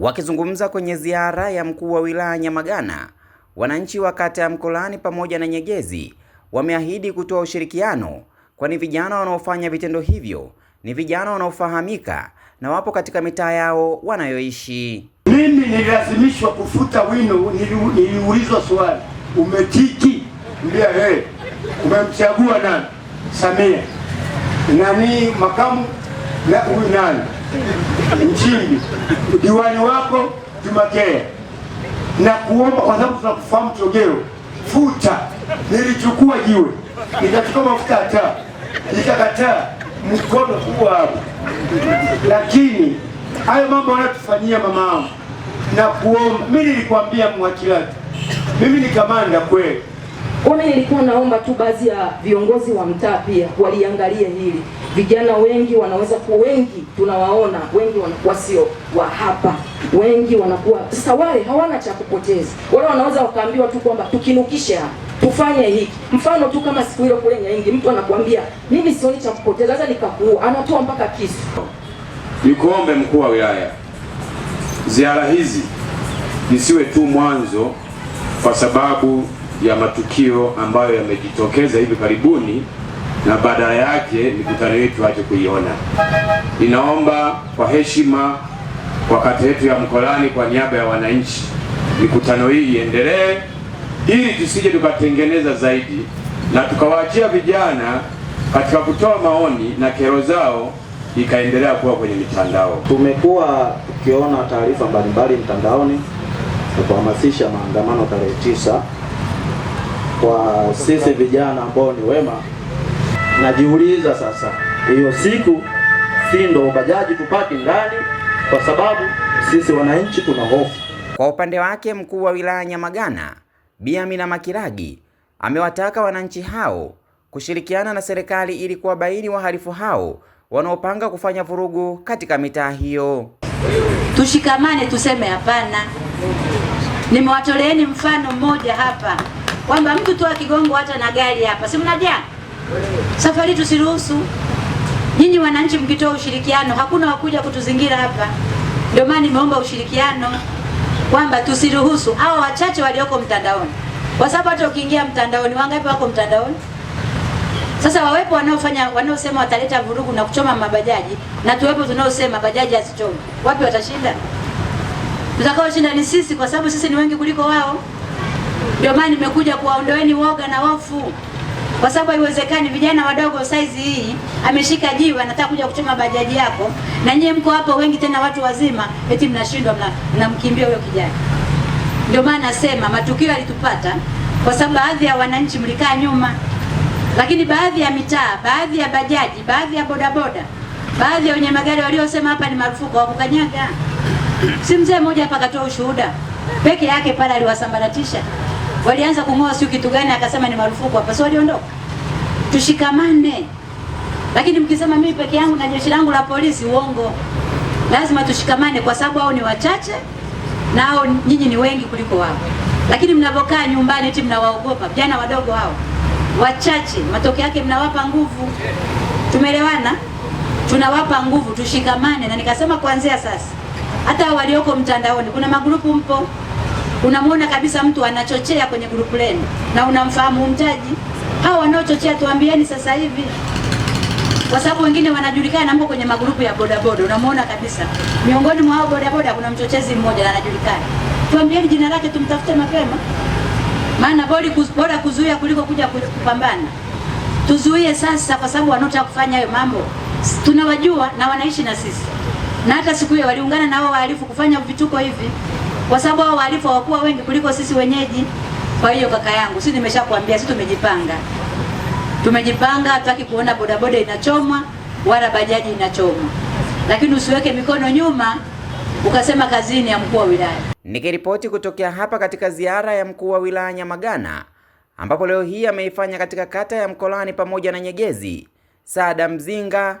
Wakizungumza kwenye ziara ya mkuu wa wilaya Nyamagana, wananchi wa kata ya Mkolani pamoja na Nyegezi wameahidi kutoa ushirikiano, kwani vijana wanaofanya vitendo hivyo ni vijana wanaofahamika na wapo katika mitaa yao wanayoishi. Mimi nililazimishwa kufuta wino, niliulizwa swali, umetiki mbia hey, eh, umemchagua nani? Samia nani makamu na huyu nani Nchimbi, diwani wako Jumakea, na kuomba kwa sababu tunakufahamu Chogeo, futa. Nilichukua jiwe nikachukua mafuta ya taa nikakataa mkono kubwa hapo, lakini hayo mambo wanatufanyia mama angu na kuomba. mi nilikwambia mwakilati, mimi ni kamanda kweli kwa mimi nilikuwa naomba tu baadhi ya viongozi wa mtaa pia waliangalie hili. Vijana wengi wanaweza kuwa wengi, tunawaona wengi wanakuwa sio wa hapa, wengi wanakuwa sasa, wale hawana cha kupoteza, wale wanaweza wakaambiwa tu kwamba tukinukisha tufanye hiki. Mfano tu kama siku ile kule Nyaingi, mtu anakuambia mimi sioni cha kupoteza, sasa nikakuua, anatoa mpaka kisu. Nikuombe mkuu wa wilaya, ziara hizi zisiwe tu mwanzo, kwa sababu ya matukio ambayo yamejitokeza hivi karibuni, na badala yake mikutano yetu aje kuiona. Ninaomba kwa heshima, kwa kata yetu ya Mkolani, kwa niaba ya wananchi, mikutano hii iendelee ili tusije tukatengeneza zaidi na tukawaachia vijana katika kutoa maoni na kero zao ikaendelea kuwa kwenye mitandao. Tumekuwa tukiona taarifa mbalimbali mtandaoni na kuhamasisha maandamano tarehe tisa kwa sisi vijana ambao ni wema. Najiuliza sasa, hiyo siku si ndo bajaji tupaki ndani, kwa sababu sisi wananchi tuna hofu. Kwa upande wake, mkuu wa wilaya Nyamagana Bi Amina Makiragi amewataka wananchi hao kushirikiana na serikali ili kuwabaini wahalifu hao wanaopanga kufanya vurugu katika mitaa hiyo. Tushikamane, tuseme hapana. Nimewatoleeni mfano mmoja hapa kwamba mtu toa kigongo hata na gari hapa, si mnajia safari. Tusiruhusu nyinyi wananchi mkitoa ushirikiano, hakuna wakuja kutuzingira hapa. Ndio maana nimeomba ushirikiano kwamba tusiruhusu hao wachache walioko mtandaoni, kwa sababu hata ukiingia mtandaoni, wangapi wako mtandaoni? Sasa wawepo wanaofanya wanaosema wataleta vurugu na kuchoma mabajaji, na tuwepo tunaosema bajaji hazichome. Wapi watashinda? Tutakaoshinda ni sisi, kwa sababu sisi ni wengi kuliko wao. Ndio maana nimekuja kuwaondoeni woga na hofu, kwa sababu haiwezekani vijana wadogo saizi hii ameshika jiwe anataka kuja kuchoma bajaji yako, na nyie mko hapo wengi tena watu wazima, eti mnashindwa mnamkimbia huyo kijana. Ndio maana nasema matukio yalitupata kwa sababu baadhi ya wananchi mlikaa nyuma, lakini baadhi ya mitaa, baadhi ya bajaji, baadhi ya bodaboda, baadhi ya wenye magari waliosema hapa ni marufuku wakukanyaga. Si mzee mmoja hapa akatoa ushuhuda peke yake pale, aliwasambaratisha walianza kung'oa sio kitu gani, akasema ni marufuku hapa, sio waliondoka. Tushikamane, lakini mkisema mimi peke yangu na jeshi langu la polisi, uongo. Lazima tushikamane, kwa sababu hao ni wachache na hao nyinyi ni wengi kuliko wao. Lakini mnapokaa nyumbani eti mnawaogopa vijana wadogo hao wachache, matokeo yake mnawapa nguvu. Tumeelewana? tunawapa nguvu, tushikamane. Na nikasema kuanzia sasa, hata walioko mtandaoni, kuna magrupu mpo Unamwona kabisa mtu anachochea kwenye grupu lenu na unamfahamu mtaji. Hao wanaochochea tuambieni sasa hivi, kwa sababu wengine wanajulikana mko kwenye magrupu ya bodaboda. Unamwona kabisa miongoni mwa hao bodaboda kuna mchochezi mmoja anajulikana, tuambieni jina lake, tumtafute mapema, maana bora kuzuia kuliko kuja kupambana. Tuzuie sasa, kwa sababu wanaotaka kufanya hayo mambo tunawajua na wanaishi na sisi, na hata siku hiyo waliungana na hao wahalifu kufanya vituko hivi kwa sababu hao wahalifu hawakuwa wengi kuliko sisi wenyeji. Kwa hiyo kaka yangu, sisi nimeshakwambia, sisi tumejipanga, tumejipanga. hataki kuona bodaboda inachomwa wala bajaji inachomwa, lakini usiweke mikono nyuma ukasema kazini ya mkuu wa wilaya. Nikiripoti kutokea hapa katika ziara ya mkuu wa wilaya Nyamagana ambapo leo hii ameifanya katika kata ya Mkolani pamoja na Nyegezi, Saada Mzinga